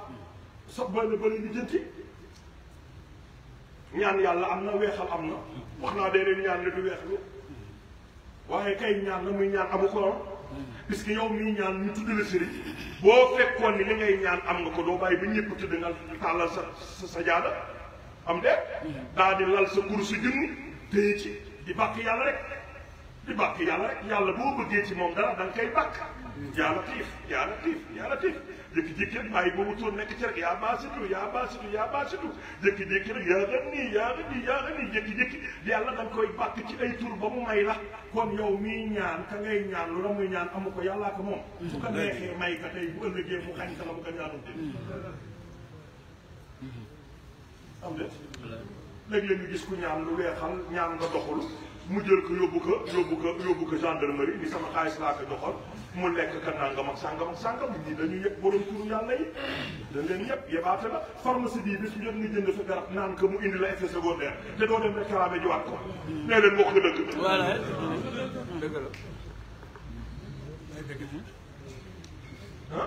sa bëri bëri ñu jënti ñaan yàlla am na weexal am na wax naa dee leen ñaan la du weexlu waaye kay ñaan la muy ñaan amu ko puisque yow mii ñaan ñu tudd la sëriñ boo fekkoon ni li ngay ñaan am nga ko doo bàyyi ba ñëpp tudd nga tàllal sa sa jaada am de daa di lal sa nguur su junni téye ci di bàkk yàlla rek di bàkk yàlla rek yàlla boo bëggee ci moom dara da nga koy bàkk yaa latiif yaa latiif yaa latiif jékki-jékki rek bàyyi boobu tuur nekk ci rek yaa baasitu yaa baasitu yaa baasitu jékki-jékki rek yaa gën nii yaa gën nga koy bàkk ci ay tur ba mu may la kon yow mii ñaan ka ngay ñaan lu la muy ñaan amu ko yàllaa ko moom mm-hmm. su ko neexee may ka tey bu ëllëgee mu xañ ka la mu ko am déet léeg gis ku ñaan lu weexal ñaan nga doxul mu jël ko yóbbu ko yóbbu ko yóbbu ni sama xaalis laa ko doxal mu lekk ka nangam ak sàngam ak sàngam ñi dañu yëpp borom turu yàlla yi dañ leen yëpp yebaate la pharmacie bii bis jot nga jënd sa garab naan ko mu indi la effet secondaire te doo dem réclamé jiwaat ko nee leen wax nga dëgg dëgg la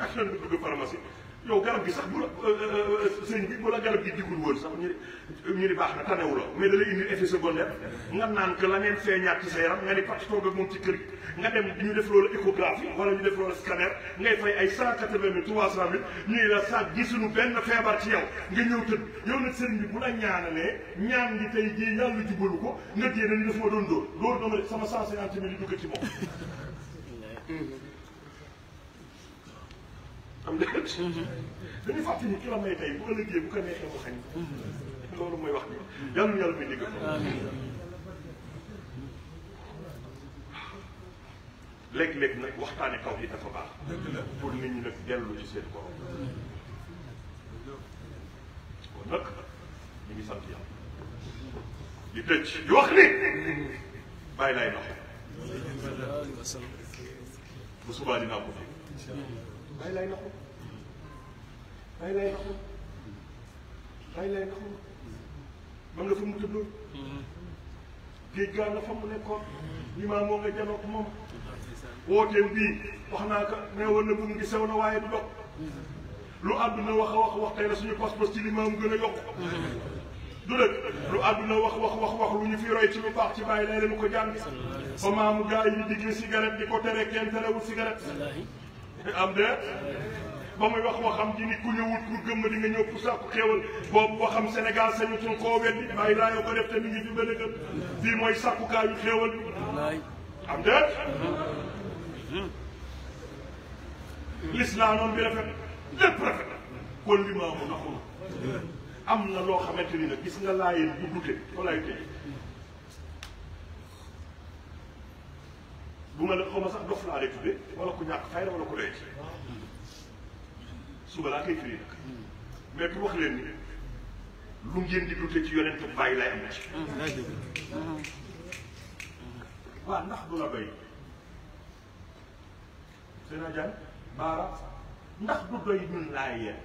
ah pharmacie yow garab gi sax bu euh, euh, euh, sëñ bi bu la garab gi digul woon sax ñu ñu ne baax na tanewu la mais da lay indi effet secondaire nga naan que la neen feeñaat ci sa yaram nga ni pàcc toog moom ci kër gi nga dem ñu def loolu échographie wala ñu def loolu scanner ngay fay ay cent quatre-vingt mille trois cent mille ñuy la sax gisuñu benn feebar ci yow nga ñëw tëdd yow nag sëriñ bi bu la ñaanalee ñaan gi tey jii yàlla jubalu ko nga dee nañu daf ma doon dóor loolu dama sama cent cinquante [laughs] am déet. dañu fàtte ni ki la may tey bu ëllëgee bu ko neexee mu xañ. Mhm. loolu mooy wax ni yàlla na yàlla muy dégg. léeg-léeg nag waxtaane kaw yi dafa baax. pour nit ñi nag dellu ci seen borom. kon nag ñu ngi sant yàlla. di tëj di wax ni bàyyi laay naxu. bu subaa dinaa ko fi. bàyyi laay naxu. bàyyi na taxul bàyyi laay taxul man la fu mu tudd. géej gaal la fa mu nekkoon. ni moo nga janook moom. wooteem bii wax naa ko ne woon na buum gi sew na waaye du dox. lu àdduna wax wax wax tey la suñu pas-pas gën a yokk. du dëkk lu wax wax wax wax lu ñu fi roy ci lu baax ci bàyyi lay leen ko jàng. ba maamu gars yi di digle cigarette di ko tere kenn terewul cigarette. am de. bamay wax waxam ji ni ku ñewul ku gëm di nga ñëw pour sàkku xéewal bo waxam Sénégal sañutul koo weddi bay la yo ko def te mi ngi fi ba nëgëm fii mooy sàkkukaayu xéewal bi am déet lislaam bi rafet lépp rafet kon li maamu naxul am na loo xamante ni gis nga laayeen bu dute ko lay tey la xaw sax dof laa lay tudde wala ku ñàkk fayda wala ku rëy suba laa koy firi nag mais pour wax leen ni lu ngeen di dute ci yonent bàyyi ndax du la doy seena ndax du doy ñun laa yeen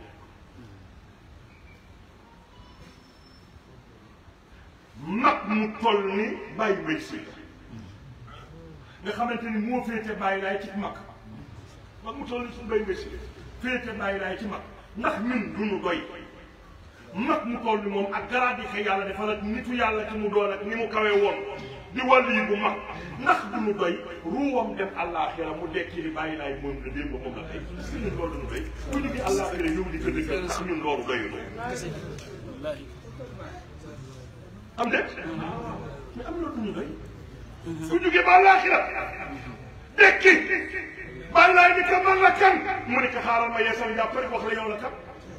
mag mu toll ni bàyyi wéy si nga xamante ni moo féete bàyyi laay ci mag mag mu toll ni suñu bay wéy si féete bàyyi laay ci mag ndax ñun du ñu doy mag mu toll ni moom ak garaat yi xëy yàlla defal ak nitu yàlla ci mu doon ak ni mu kawe woon di wàllu yi bu mag ndax du ñu doy ruuwam dem àllaaxira mu dekki li bàyyi laay moom la démb moom la tey si ñun loolu ñu doy bu ñu gi àllaaxira ñëw di ko dëggal si ñun loolu doyul am de mais am na du ñu doy bu ñu gi ba àllaaxira dekki bàyyi laay ni ko man la mu ne xaaral ma yeesal jàpp rek wax la yow la kan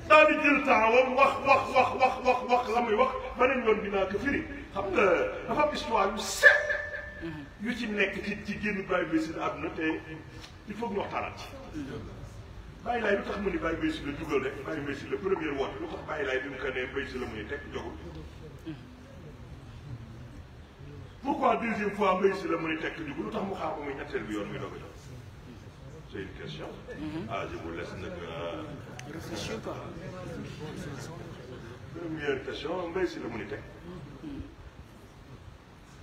daal jël taawam wax wax wax wax wax wax la muy wax beneen yoon bi naa ko firi xam nga dafa am histoire yu set yu ci nekk ci ci génn Baye Baye Sida àdduna te il faut ñu waxtaanaat ci Baye Laye lu tax mu ni Baye Baye Sida dugal rek Baye Baye Sida première woote lu tax Baye Laye bi mu ko nee Baye Sida muy teg jogul pourquoi deuxième fois Baye Sida muy teg jogul lu tax mu xaar ko muy C'est une question. Mm -hmm. Ah, je vous ni teg.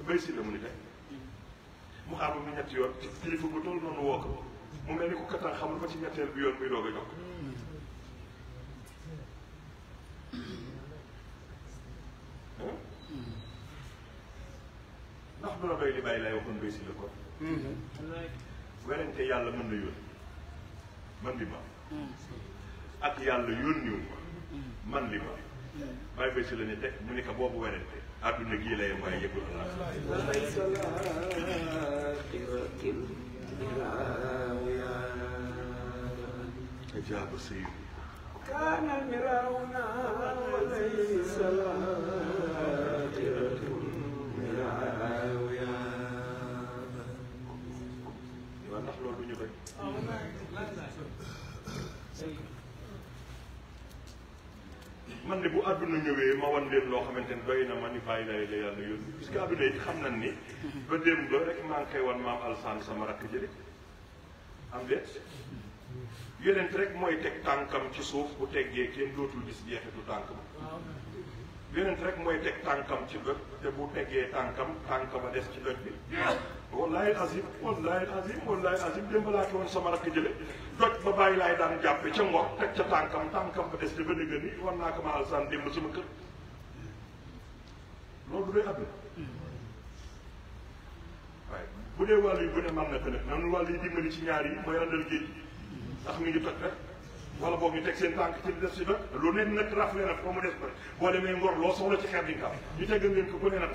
Mbaye Sylla mu ni teg. mu xaar ba mu ñetti yoon ci kilifa bu toll noonu woo ko mu mel ni ku kattan xamul ba ci ñetteel bi yoon muy doog a jokk. Mhm. ndax la doy li bàyyi lay werante yàlla mën na yónni man li ma ak yàlla yónniwu ma man li ma bàyyi ba si la ñu teg mu ne ko boobu werante àdduna gii la yem waaye yëgul ala perfect. Oh, man de bu àdduna ñëwee ma wan leen loo xamante ne doy na ma ni bàyyi lay la yàlla yónni parce que àdduna it xam nañ ni ba démb ba rek maa ngi koy wan maam alsaan sama rakk jële am déet yonent rek mooy teg tànkam ci suuf bu teggee kenn dootul gis jeexitu tànk ba yonent rek mooy teg tànkam ci doj te bu teggee tànkam tànk a des ci doj bi wallahi azim wallahi azim wallahi azim démb laa ki sama rakk jële doj ba bàyyi laay daan jàppe ca ngor teg ca tànkam tànkam ba des te ba dëgg ni war naa ko ma alsaan démb sama kër loolu day àdduna waaye bu dee wàll yi bu ne man na ko nag nanu wàll yi dimbali ci ñaar yi mooy àndal géej gi ndax mi ngi toj rek wala boog ñu teg seen tànk ci li def si nag lu leen nag raf leen ko mu def boo demee ngor loo soxla ci xeer di nga ñu tegal leen ko ku ne nag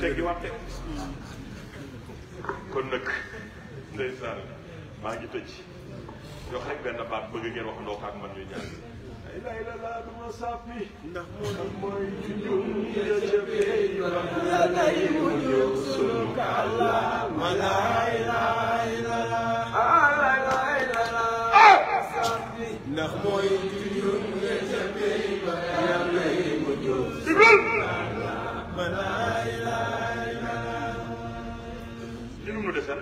teg di wàtte kon nag ndeysaan maa ngi tëj yox rek benn baat bëgg ngeen wax ak man ñaan la la la la ndax mooy juróom nga ca béy ba yàlla yi mu jóg. li mu nu desal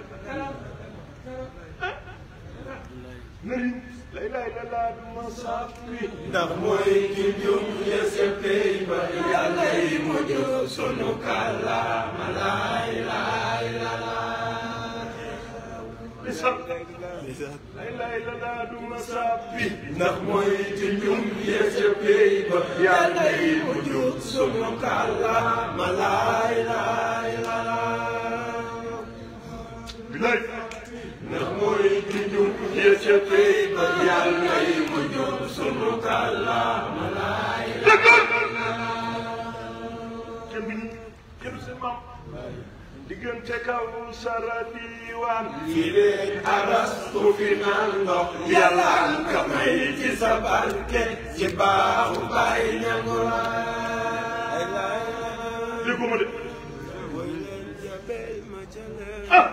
nari lay lay la laa du ma saaf wi ndax mooy ki jum ya seppey ba yàlla yi mu jóg sunu kàllaama laay laay la laa lay lay la daa du ma sàppi ndax mooy ci ñun yee ca pay ba yàlla yi mu jub sunu kàlla ma laay laay laay bilay ndax mooy ci ñun yee ca pay ba yàlla yi mu jub sunu kàlla ma laay diggante kaw sara diiwaan yi leen arastu fi naan ndox yàllaan ka may ci sa barke ci baaxu bàyyi ñangulaay dégguma de ah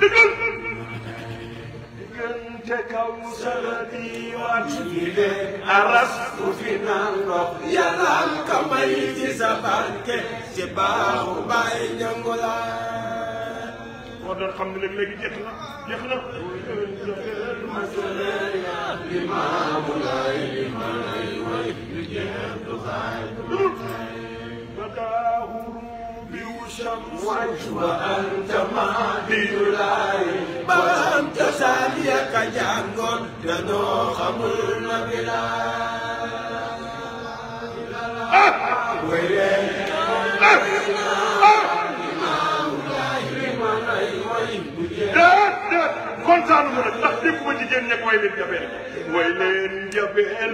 dëggal كوثرتي والإليك أرست فينا رؤيا كميت سبانك سباه باي جنغلا ودر خم لك لك جتنا جتنا لما مولاي لما مولاي وجهت خايف بداه شمس وأنت مهدي لاي بانت ساليك جانغون دنو خمرنا بلا ويلي kontaan mu nag ndax dégg ma jigéen ñeg way leen jabeel way leen jabeel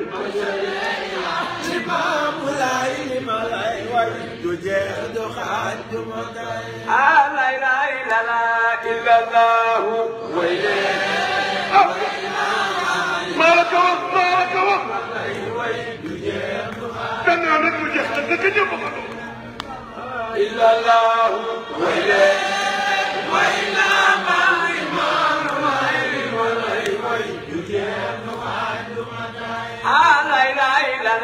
ci maamu laay li ma lay way du jeex du xaaj du ma day ah lay lay la la illallahu way leen maa la ko wax maa la ko wax danaa nag mu jeex nag dëkk ñëpp ko illallahu way leen way naa maa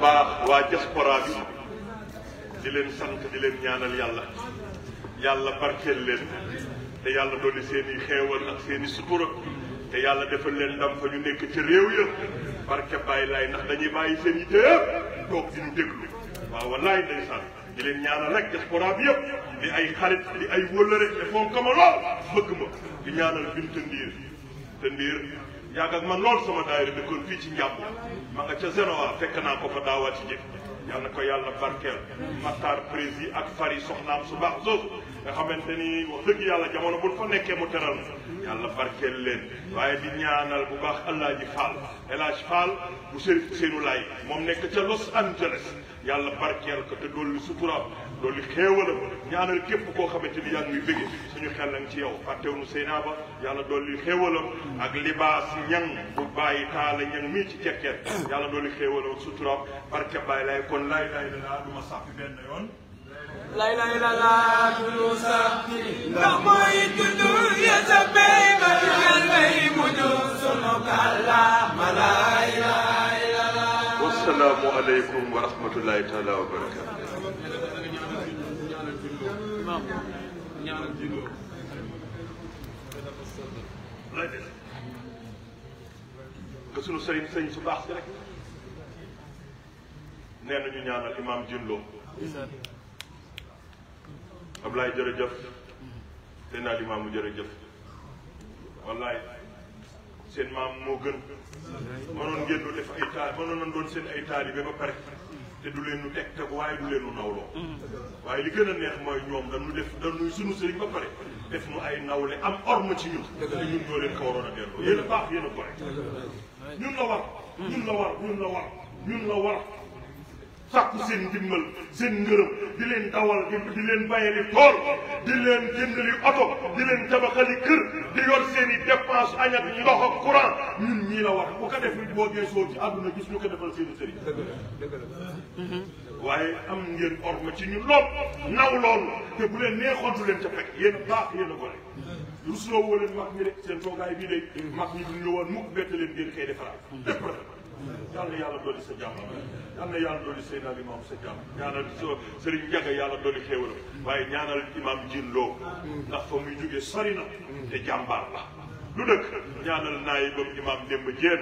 baax waa diaspora bi di leen sant di leen ñaanal yàlla yàlla barkeel leen te yàlla dolli seen i xeewal ak seen i sutura te yàlla defal leen ndam fa ñu nekk ci réew ya barke bàyyi laay ndax dañuy bàyyi seen yitte yëpp toog di ñu déglu waaw wallaay ndeysaan di leen ñaanal rek diaspora bi yëpp di ay xarit di ay wëllëre te fonk ma bëgg ma di ñaanal Binta Ndiir te yàgg ak man lool sama daayira dëkkoon fii ci njàpp ma nga ca Génoa fekk naa ko fa daawaati jëf yal na ko yàlla barkeel Matar prési ak far fari soxnaam su baax soosu nga xamante ni wax dëgg yàlla jamono buñ fa nekkee mu teral yàlla barkeel leen waaye di ñaanal bu baax El Hadj Fall El Hadj Fall mu Serif Seynou moom nekk ca Los Angeles yàlla barkeel ko te su suturaam dolli xéewal ñaanal képp koo xamante ni yaa ngi muy bëgge suñu xel lañ ci yow fàttewunu Seyna ba yàlla dolli xéewalam ak libaas ñang bu bàyyi taala ñang mii ci cekkeet yàlla dolli xéewalam ak suturam barke bàyyi lay kon lay lay la laa du ma sàppi benn yoon lay lay la laa du ma sàppi ndax mooy tuddu ya sa bay ba yàl bay muñu sunu kàlla ma lay lay la laa wasalaamu aleykum wa rahmatullahi taala wa imam ñaanal sunu sëriñ sëñ su baax si rek nee nañu ñaanal imam Jinloo Ablaay jërëjëf te naa imaamu jërëjëf wallaay seen maam moo gën mënoon ngeen doon def ay taal mënoon doon seen ay taalibe ba pare te du leen nu teg teg waaye du leen nu nawloo waaye li gën a neex mooy ñoom dañu def dañuy sunu sëriñ ba pare def nu ay nawle am orma ci ñun te ñun ñoo leen ko waroon a delloo yéen a baax yéen a gore ñun la war ñun la la war ñun la war sàkku seen ndimbal seen ngërëm di leen dawal di leen bayali tool di leen jëndali oto di leen tabaxali kër di yor seen i dépense añ ak ndox ak courant ñun ñii la wax bu ko def boo geesoo ci àdduna gis ñu ko defal seen sëriñ waaye am ngeen ma ci ñu lool naw loolu te bu leen neexoontu leen ca fekk yéen a baax yéen a gore lu woo leen mag ñi de seen toogaay bii de mag ñi duñ la woon mu bett leen ngeen koy defaraat lépp rek yàlla na yàlla dolli sa jàmm yàlla na yàlla dolli Seydina Limaamu sa jàmm ñaanal so Serigne Ndiaga yàlla dooli dolli xéewalam waaye ñaanal imaam Dieng loo ndax fa muy jógee sori na te jàmbaar la du dëkk ñaanal yi bam imaam démb jéen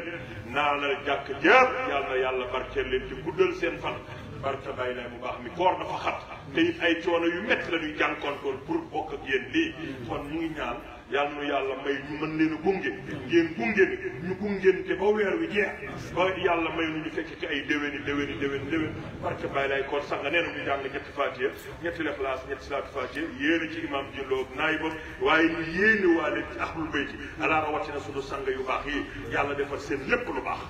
naanal jàkk jëpp yàlla na yàlla barkeel leen ci guddal seen fan barke bàyyi lay bu baax mi koor dafa xat te it ay coono yu métti la ñuy jànkoontoon pour bokk ak yéen lii kon ñu ngi ñaan yàlla nu yàlla may ñu mën leen a gunge ngeen gunge ñu gungeen te ba weer wi jeex ba yàlla may nu ñu fekk ci ay déwéni déwéni déwéni déwén parce que bàyyi laay koor sax nga nee na ñu jàng ñetti fatiya ñetti lexlaas ñetti salaatu fatiya yéene ci imam jiloob naay ba waaye ñu yéene waale ci ahlul bayti alaa rawatina lu sang yu baax yi yàlla defal seen lépp lu baax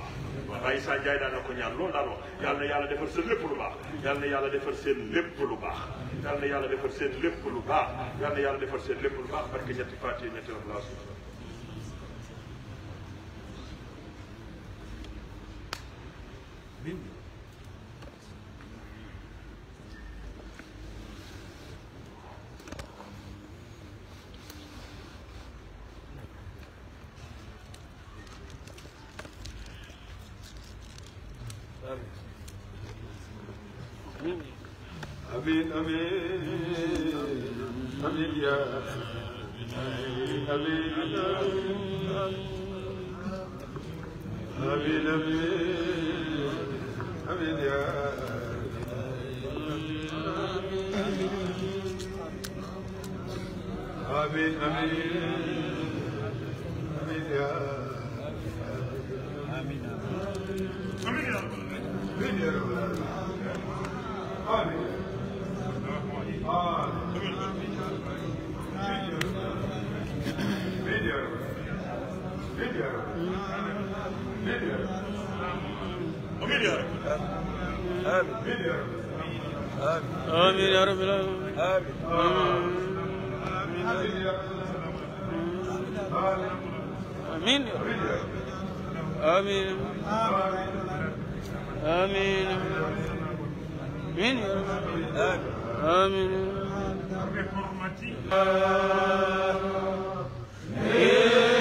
waaye Issa Ndiaye daan na ko ñaan loolu daan wax yàlla na yàlla defar seen lépp lu baax yàlla na yàlla defal seen lépp lu baax yàlla na yàlla defar seen lépp lu baax yàlla yàlla defar seen lépp lu baax parce que ñetti parti ñetti wax laa امين امين امين يا امين امين امين امين يا امين امين امين يا امين امين يا رب Biliyorum. Amin. Amin. Biliyorum. Biliyorum. Biliyorum. Biliyorum. Amin. Biliyorum. Amin. Amin ya Rabbi. Amin. Amin. Amin. Amin. Amin. Amin. آمين آمين يا رب آمين بحرمتي